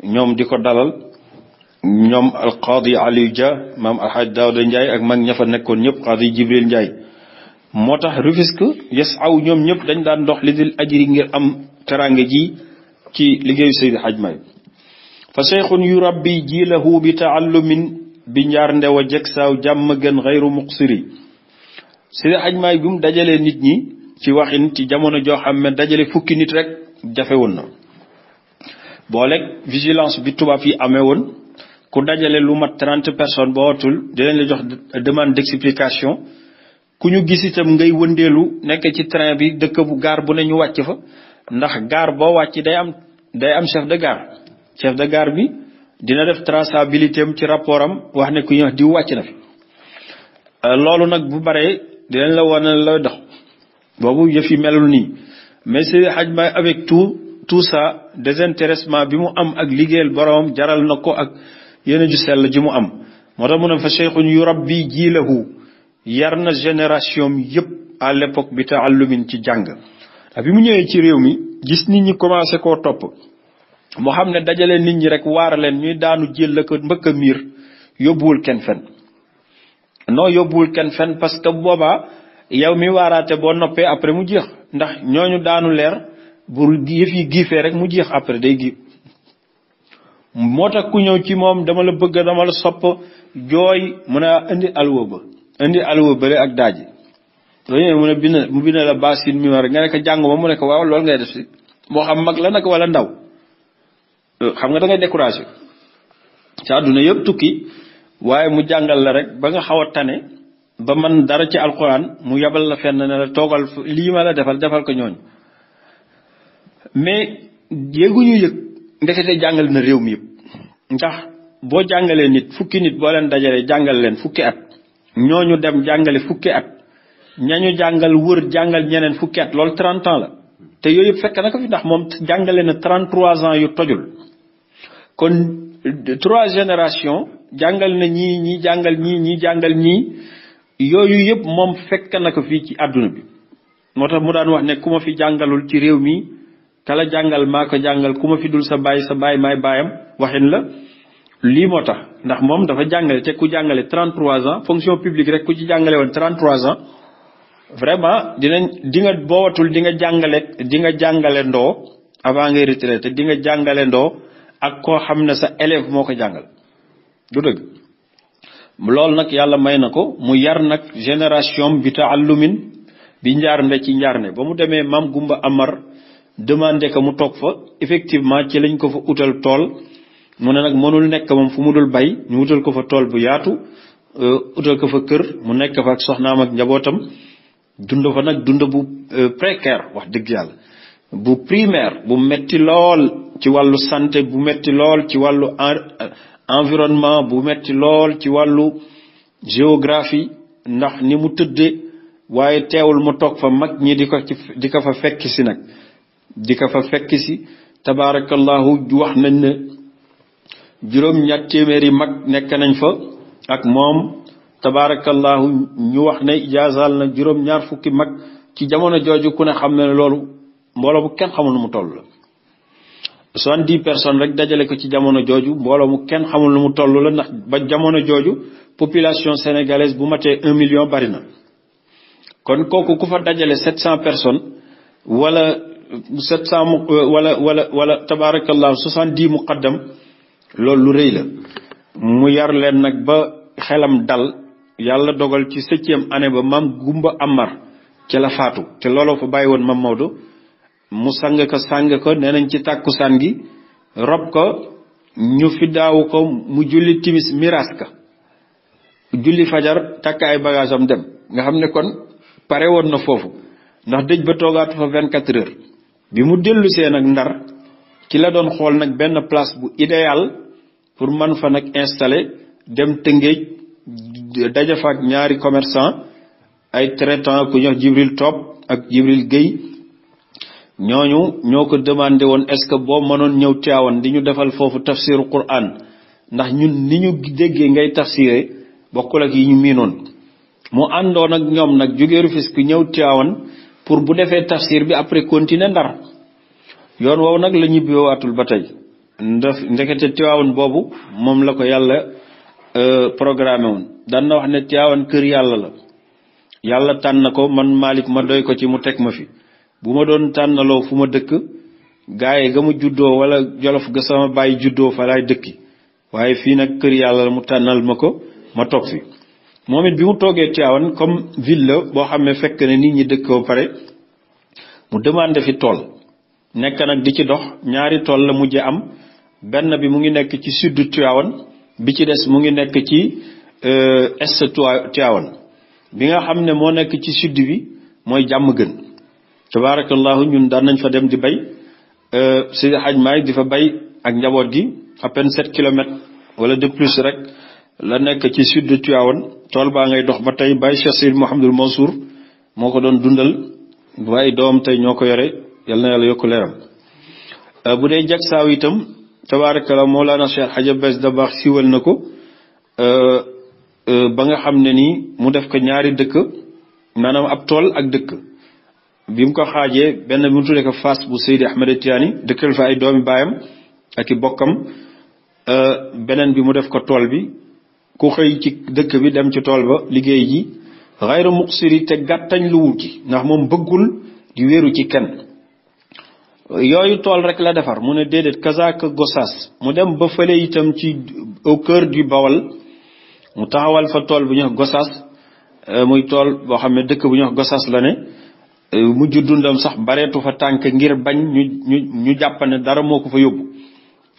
ñoom di ko dalal ñoom alqaadi Aliou ja maam alxaaj Daawda Ndiaye ak mag ñafa nekkoon ñëpp qaadi Jibril Ndiaye moo tax Rufisque yes aw ñoom ñëpp dañ daan ndox li dil ajri ngir am teraange ji ci liggéeyu Seydi Hajj Maalik fa cheikhun yu rabbi jiilahu bi taallumin bi njaar ndew a jeg saaw jàmm gën xayru muqsiri Seydi Hajj Maalik bi dajalee nit ñi ci waxin ci jamono joo xam dajale fukki nit rek jafe woon na booleeg vigilance bi tubaab yi amee ku dajale lu mat trente personnes bootul dinañ la jox demande d'explication ku ñu gis itam ngay wëndeelu nekk ci train bi dëkk bu gaar bu ne ñu wàcc fa ndax gaar boo wàcc day am day am chef de gare chef de gare bi dina def traçabilité am ci rapport am wax ne ku ñuy wax diw wàcc na fi euh, loolu nag bu baree dinañ la wane la dox boobu yëf yi melul nii mais si xaj ma avec tout tout ça désintéressement bi mu am ak liggéeyal borom jaral na ko ak yeneen ju sell ji mu am moo tax mu ne fa cheikhun yu rabbi jiilahu yar na génération yëpp à l'époque bi taallumin ci jàng ah, bi mu ñëwee ci réew mi gis nit ñi commencé koo topp moo xam ne dajale nit ñi rek waara leen ñuy daanu jél la ko mbëkk a miir yóbbuwul kenn fen non yóbbuwul kenn fen parce que boobaa yow mi waaraate boo noppee après mu jeex ndax ñooñu daanu leer bu yëf yi giifee rek mu jeex après day giif moo tax ku ñëw ci moom dama la bëgg dama la sopp jooy mën a indi alwa ba indi alwa bële ak daaj soo mu ne bind mu bind la baasin mi war nga ne ko mu ne ko waaw loolu ngay def si moo xam mag la nag wala ndaw euh, xam nga da ngay découragé ci àdduna yëpp tukki waaye mu jàngal la rek ba nga xaw a tane ba man dara ci alxuraan mu yabal la fenn ne la toogal lii ma la defal defal ko ñooñ mais yéeguñu yëg ndekete jàngal na réew mi yëpp ndax boo jàngalee nit fukki nit boo leen dajalee jàngal leen fukki at ñoo ñu dem jàngale fukki at ñañu jàngal wër jàngal ñeneen fukki at loolu 30 la te yooyu yëpp fekk na ko fi ndax moom jàngale na 33 ans yu tojul kon trois générations jàngal na ñii ñii jàngal ñii ñii jàngal ñii yooyu yëpp moom fekk na ko fii ci àdduna bi moo tax mu daan wax ne ku fi jàngalul ci réew mi kala jàngal maa ko jàngal ku ma fi dul sa baay sa baay maay baayam waxin la lii moo tax ndax moom dafa jàngale te ku jàngale 33 ans fonction publique rek ku ci jàngale woon 33 ans vraiment dinañ di nga boowatul nga jàngale di nga jàngale ndoo avant ngay retraité di nga jàngale ndoo ak koo xam ne sa élève moo ko jàngal du dëgg loolu nag yàlla may na ko mu yar nag génération bi taallumin bi njaar mbe ci njaar ne ba mu demee maam Gumba Amar demandé ko mu toog fa effectivement ci lañ ko fa utal tool mu ne nag mënul nekk moom fu mu dul bay ñu wutal ko fa tool bu yaatu wutal euh, ko fa kër mu nekk fa ak soxnaam ak njabootam dund fa nag dund bu euh, précaire wax dëgg yàlla bu primaire bu metti lool ci wàllu santé bu metti lool ci wàllu euh, environnement bu metti lool ci wàllu géographie ndax ni mu tëdde waaye teewul mu toog fa mag ñi di ko di ko fa fekk si nag di fa fekk si tabaarakallahu wax nañ ne juróom-ñett téeméeri mag nekk nañ fa ak moom tabaarakallahu ñu wax ne ijaasal na juróom-ñaar fukki mag ci jamono jooju ku ne xam ne loolu mbooloo mu kenn xamul nu mu toll la soixante-dix personnes rek dajale ko ci jamono jooju mbooloo mu kenn xamul nu mu toll la ndax ba jamono jooju population sénégalaise bu matee un million bari na kon kooku ku fa dajale sept cent personnes wala sept cent euh, wala wala wala tabaarakallahu soixante-dix muqaddam loolu lu rëy la mu yar leen nag ba xelam dal yàlla dogal ci septième année ba maam Gumba Amar ci la faatu te looloo fa bàyyi woon maam Maodo mu sang ko sang ko nee nañ ci tàkkusaan gi rob ko ñu fi ko mu julli timis miras ka julli fajar takk ay bagage am dem nga xam ne kon pare woon na foofu ndax dëj ba toogaatu fa vingt bi mu dellusee nag ndar ci la doon xool nag benn place bu idéal pour man fa nag installer dem Tëngéej daja fa ak ñaari commerçant ay traitant ku ñox Jibril Top ak Jibril Guèye ñooñu ñoo ko demandé woon est boo mënoon ñëw Tiwaawan di ñu defal foofu tafsiru Qur'an ndax ñun ni ñu déggee ngay tafsiré bokkul ak yi ñu miinoon mu àndoon ak ñoom nag jóge Rufisque ñëw Tiwaawan pour bu defee tafsir bi après continuer Ndar yoon woow nag la ñibbiwaatul ba tey ndaf ndekete Tiwaawan boobu moom la ko yàlla euh, programme woon daan na wax ne Tiwaawan kër yàlla la yàlla tànn ko man Malick ma doy ko ci mu teg ma fi bu ma doon tànnaloo fu ma dëkk gaaye ga mu juddoo wala jolof ga sama baay juddoo fa laay dëkki waaye fii nag kër yàlla la mu tànnal ma ko ma toog fi moom bi mu toogee Tiwaawan comme ville boo xam ne fekk ne nit ñi dëkk pare mu demande fi tool nekk nag di ci dox ñaari tool la mujje am benn bi mu ngi nekk ci sud Tivaouane bi ci des mu ngi nekk ci euh, est Tivaouane bi nga xam ne moo nekk ci sud bi mooy jàmm gën tabaarakallaahu ñun daan nañ fa dem di bay euh, Seydi Hadj Malick di fa bay ak njaboot gi à peine 7 kilomètres wala de plus rek la nekk ci sud de Tivaouane tool baa ngay dox ba tey Baye Cheikh Seydou Mouhamadul Mansour moo ko doon dundal waaye doom tey ñoo ko yore yal na yàlla yokk leeram euh, bu dee jag saaw itam tabaarakalla Mawlana Cheikh Hadj Abbas Dabakh siiwal na ko euh, euh, ba nga xam ne nii mu def ko ñaari dëkk maanaam ab tool ak dëkk bi mu ko xaajee benn bi mu tuddee ko Fass bu Seydi Ahmed Tidiane dëkkal fa ay doomi baayam ak i bokkam euh, beneen bi mu def ko tool bi ku xëy ci dëkk bi dem ci tool ba liggéey ji xayru muqsiri te gàttañ lu wuti ndax moom bëggul di wéeru ci kenn yooyu tool rek la defar mu ne déedéet kazaka Gossas mu dem ba fële itam ci au cœur du Bawol mu taxawal fa tool bu ñuy wax Gossas euh, muy tool boo xam bu ñuy Gossas la ne euh, mujj dundam sax bareetu fa tànk ngir bañ ñu ñu ñu jàpp ne dara moo ko fa yóbbu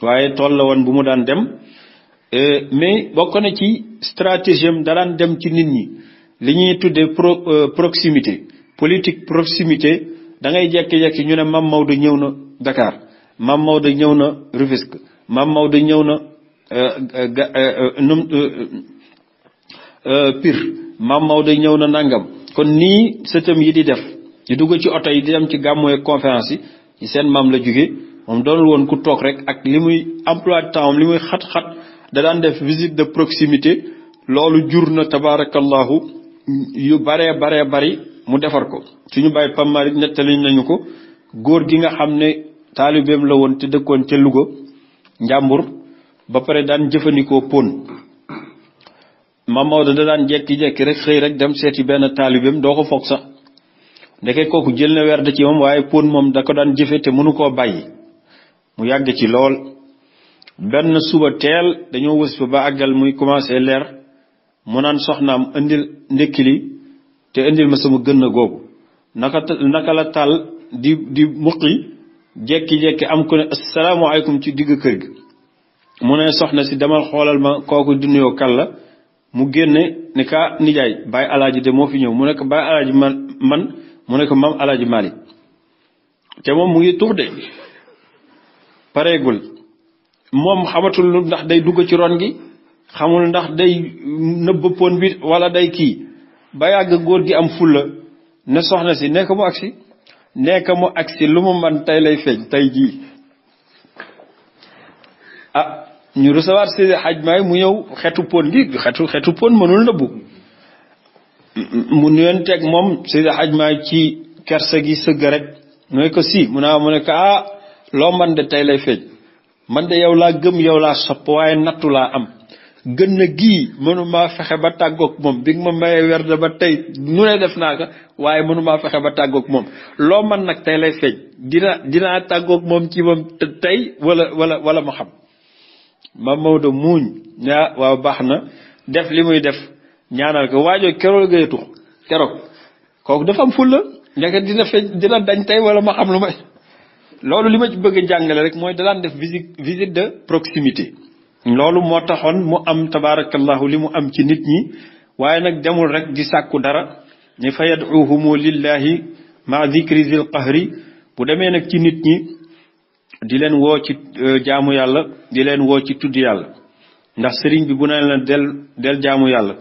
waaye tool la woon bu mu daan dem euh, mais bokk na ci stratégie am da daan dem ci nit ñi li ñuy tuddee pro proximité politique proximité. da ngay jekki-jekki ñu ne Mame Maodo ñëw na dakaar maam Maodo ñëw na Rufisque Mame Maodo ñëw na euh, euh, euh, num Pire Mame Maodo ñëw na nangam kon nii sëtam yi di def di dugg ci oto yi di dem ci gàmmoy conférence yi seen maam la jóge moom doonul woon ku toog rek ak li muy emploi temps li muy xat-xat da daan def visite de proximité loolu jur na tabaarakallahu yu baree baree bari mu defar ko suñu bàyyi Pape Malick nettali nañu ko góor gi nga xam ne taalibeem la woon te dëkkoon ca Louga njàmbur ba pare daan jëfandikoo pon Maam Maodo da daan jekki-jekki rek xëy rek dem seeti benn taalibeem doo ko foog sax ndeke kooku jël na weer da ci moom waaye pon moom da ko daan jëfe te mënu koo bàyyi mu yàgg ci lool benn suba teel dañoo wës fa ba àggal muy commencé leer mu naan soxnaam indil ndékki li te indil ma sama gën a googu naka naka la taal di di muqi jekki-jekki am ko ne asalaamaaleykum ci digg kër gi mu ne soxna si demal xoolal ma kooku di nuyoo kan la mu génne ne ka nijaay baay alaaji de moo fi ñëw mu ne ko bàyyi alaaji man man mu ne ko maam alaaji Malick te moom mu ngi tuux de pareegul moom xamatul ndax day dugg ci ron gi xamul ndax day nëbb pon bi wala day kii ba yàgg góor gi am fulla ne soxna si nekk mu agsi nekk mu agsi lu mu man tey lay feeñ tey jii ah ñu recevoir si xaj maay mu ñëw xetu pon gi xetu xetu pon mënul nëbbu mu nuyoon teg moom si xaj maay ci kersa gi sëgg rek mu ne ko si mu naa ah, mu ne ko ah loo man de tey lay feeñ man de yow laa gëm yow laa sopp waaye nattu laa am gën na gii mënumaa fexe ba tàggoog moom bi nga ma mayee werd ba tey nu ne def naa ko waaye mënumaa fexe ba tàggook moom loo man nag tey lay feeñ dina dinaa tàggook moom ci moom tey wala wala wala ma xam ma Maodo muuñ ñaa ah, waaw baax na def li muy def ñaanal ko waajoo keroog ngay tux kooku dafa am fulla ndeke dina feeñ dina dañ tey wala ma xam lu may loolu li ma ci bëgg a jàngale rek mooy da daan def visite visite de proximité loolu moo taxoon mu am tabaarakallahu li mu am ci nit ñi waaye nag demul rek di sàkku dara ni fa yadcuhumu lillahi ma dikri zil qahri bu demee nag ci nit ñi di leen woo ci euh, jaamu yàlla di leen woo ci tudd yàlla ndax sëriñ bi bu na leen del del jaamu yàlla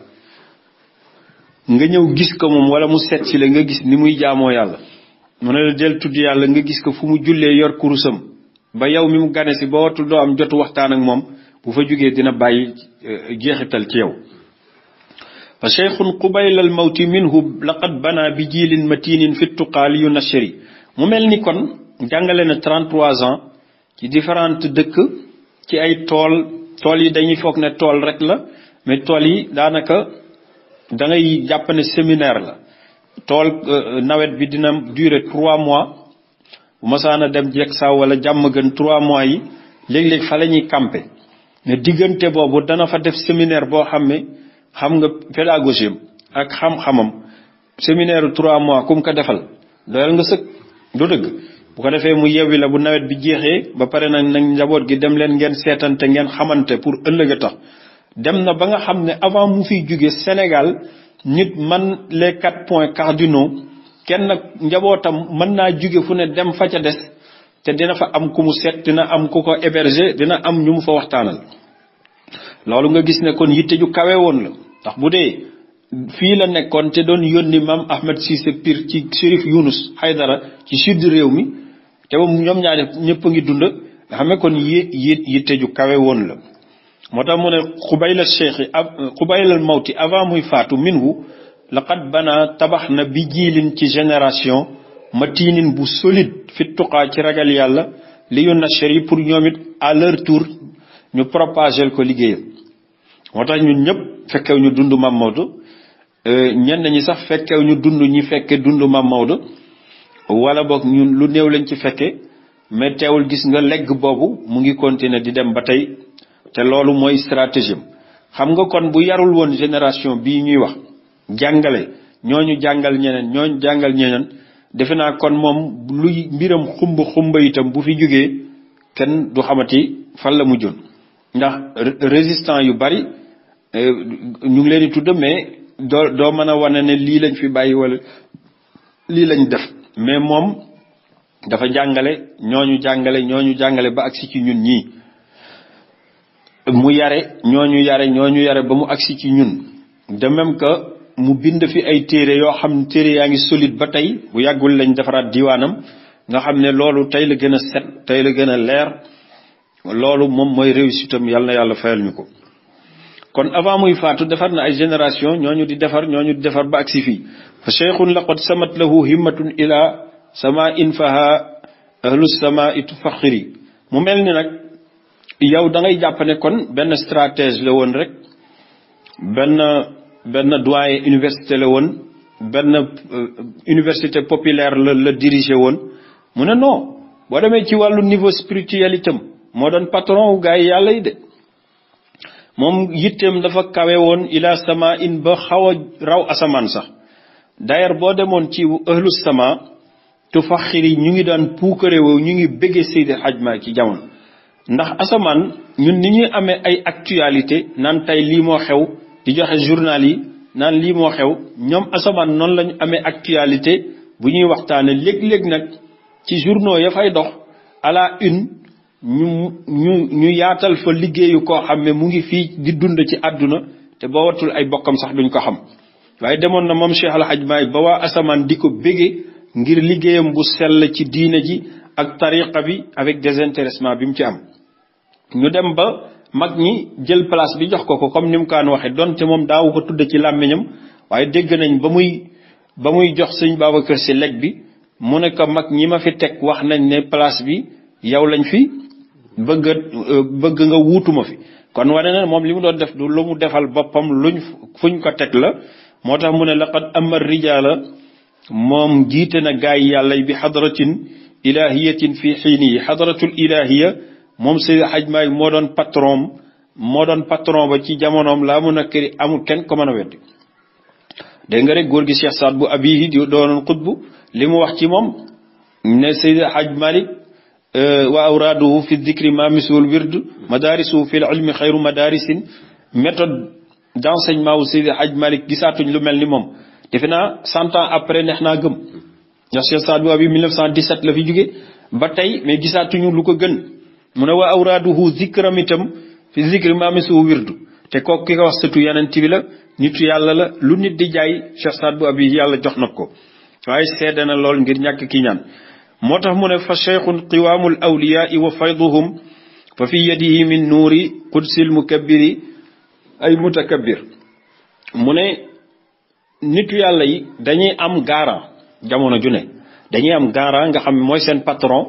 nga ñëw gis ko moom wala mu set la nga gis ni muy jaamoo yàlla mu ne la del tudd yàlla nga gis ko fu mu jullee yor kurusam ba yow mi mu gane si ba watul doo am jotu waxtaan ak moom bu fa jógee dina bàyyi euh, jeexital ci yow fa cheikhun qubayla al mawti minhu laqad banaa bi jiilin matinin fi tuqaal yu nashri mu mel ni kon jàngale na 33 ans ci différentes dëkk ci ay tool tool yi dañuy foog ne tool rek la mais tool yi daanaka da ngay jàpp ne séminaire la tool euh, nawet bi dina durer trois mois bu masaana dem jeeg saa wala jàmm gën 3 mois yi léeg-léeg fa la ñuy camper ne diggante boobu dana fa def séminaire boo xam xam nga pédagogie ak xam-xamam séminaire trois mois kum ko defal doyal nga sëkk doo dëgg bu ko defee mu yewwi la bu nawet bi jeexee ba pare nañ nag njaboot gi dem leen ngeen seetante ngeen xamante pour ëllëg a tax dem na ba nga xam ne avant mu fiy jóge Sénégal nit man les quatre points cardinaux kenn nag njabootam mën naa jóge fu ne dem fa ca des te dina fa am ku mu seet dina am ku ko héberger dina am ñu mu fa waxtaanal loolu nga gis ne kon yitte ju kawee woon la ndax bu dee fii la nekkoon te doon yónni maam Ahmed Cissé Pire ci Chérif Younus dara ci sud réew mi te moom ñoom ñaar ñëpp a ngi dund nga xam ne kon yi ju kawee woon la moo tax mu ne xubayla cheikhi xubayla mawti avant muy faatu minhu laqad bana tabax na bi jiilin ci génération matinin bu solide fi tuqaa ci ragal yàlla li yu nasher yi pour ñoom it à leur tour ñu propagel ko liggéeyam moo tax ñun ñëpp fekkew ñu dund Mam Maodo euh, ñenn ñi sax fekkew ñu dund ñi fekkee dund Mam Maodo wala boog ñun lu néew lañ ci fekkee mais teewul gis nga legg boobu mu ngi continuer di dem ba tey te loolu mooy stratégie xam nga kon bu yarul woon génération bii ñuy wax jàngale ñooñu jàngal ñeneen ñooñu jàngal ñeneen defe naa kon moom lu mbiram xumba xumba itam bu fi jógee kenn du xamati fan la mu mujjoon ndax résistant yu bari euh, ñu ngi leen di tudd mais doo doo mën a wane ne lii lañ fi bàyyi wala lii lañ def mais moom dafa jàngale ñooñu jàngale ñoo ñu jàngale ba agsi ci ñun ñii mu yare ñoo ñu yare ñooñu yare ba mu agsi ci ñun de même mu bind fi ay téere yoo xam ne téere yaa ngi solide ba tey bu yàggul lañ defaraat diwaanam nga xam ne loolu tey la gën a set tey la gën a leer loolu moom mooy réussite am yàlla yàlla fayal ñu ko kon avant muy faatu defar na ay génération ñu di defar ñooñu di defar ba agsi fii fa cheikhun laqad samat lahu himmatun ila sama in faha ahlu sama tufaxiri mu mel ni nag yow da ngay jàpp kon benn stratège la woon rek benn doyen université la woon benn euh, université populaire la la diriger woon mu ne non boo demee ci wàllu niveau spiritualité am moo doon patron wu gars yi yàlla yi de moom yitteem dafa kawe woon ila sama in ba xaw a raw asamaan sax d'ailleurs boo demoon ci ëhlu sama tufaxir yi ñu ngi daan puukareewoo ñu ngi bëggee Seydi Hadj ma ci jamono ndax asamaan ñun ni ñuy amee ay actualité naan tey lii moo xew di joxe journal yi naan lii moo xew ñoom asamaan noonu lañu amee actualité bu ñuy waxtaane léeg-léeg nag ci journaux ya fay dox à la une ñu ñu ñu yaatal fa liggéeyu koo xam ne mu ngi fii di dund ci àdduna te boo watul ay bokkam sax duñ ko xam waaye demoon na moom Cheikh Al Hadj Maay ba waa asamaan di ko bége ngir liggéeyam bu sell ci diine ji ak tariqa bi avec désintéressement bi mu ci am ñu dem ba mag ñi jël place bi jox ko ko comme ni mu kaan waxee donte moom daawu ko tudde ci làmmiñam waaye dégg nañ ba muy ba muy jox sëñ Babacar si lekk bi mu ne mag ñi ma fi teg wax nañ ne place bi yow lañ fi euh, bëgg nga wuutu ma fi kon wane na moom li mu doon def du lu mu defal boppam luñ fuñ ko teg la moo tax mu ne laqad amar rijaala moom jiite na gaay yàlla bi xadratin ilahiyatin fi xiini yi xadratul ilahiya moom Seydi Hadj Malick moo doon patron moo doon ba ci jamonoom laa mun a këri amul kenn ko mën a weddi dégg nga rek góor gi Cheikh Saad bu abihi di doonoon xutbu li mu wax ci moom ne Seydi Hadj Malick euh, wa awraaduhu fi dikri ma misul wird madaarisuhu fi l ilmi xayru madaarisin méthode d' enseignement wu Seydi Hadj Malick gisaatuñ lu mel ni moom defe naa cent ans après neex naa gëm ndax Cheikh Saad bu abi 1917 la fi jóge ba tey mais gisaatuñu lu ko gën mu ne waa awraaduhu zikram itam fi zikri maamisuhu wirdu te kooku ki ko wax sëtu yonent bi la nit yàlla la lu nit di jaay Cheikh Saad bu abi yàlla jox nag ko waaye seede na lool ngir ñàkk ki ñaan moo tax mu ne fa cheikhun qiwaamul awliyaai wa fayduhum fa fi yadihi min nuuri qudsil mukabbiri ay mutakabbir mu ne nit yàlla yi dañuy am garant jamono ju ne dañuy am garant nga xam mooy seen patron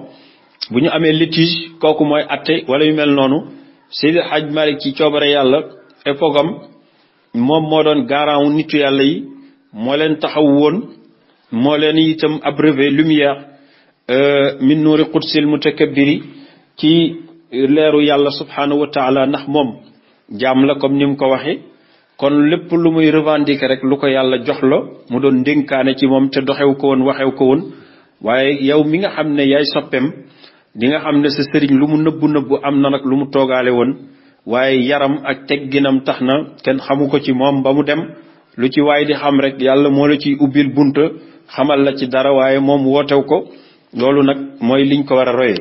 bu ñu amee litige kooku mooy atte wala yu mel noonu Seydi Hajj Malik ci coobare yàlla époque am moom moo doon garant wu nitu yàlla yi moo leen taxaw woon moo leen itam abreuvé lumière euh, min nuuri qudsil mutakabbiri ci leeru yàlla subhanahu ndax moom jaam la comme ni mu ko waxee kon lépp lu muy revendiquer rek lu ko yàlla jox la mu doon ndénkaane ci moom te doxew ko woon waxew ko woon waaye yow mi nga xam ne yaay soppeem di nga xam ne sa sëriñ lu mu nëbbu nëbbu am na nag lu mu toogaale woon waaye yaram ak teg ginam tax na kenn xamu ko ci moom ba mu dem lu ci waay di xam rek yàlla moo la ciy ubbil bunta xamal la ci dara waaye moom wootew ko loolu nag mooy liñ ko war a royee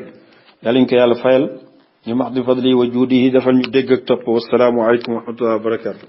yàllañ ko yàlla fayal ñu max di fadli wa juudihi defal ñu dégg ak topp wasalaamu aleykum wa rahmatullahi wa barakatu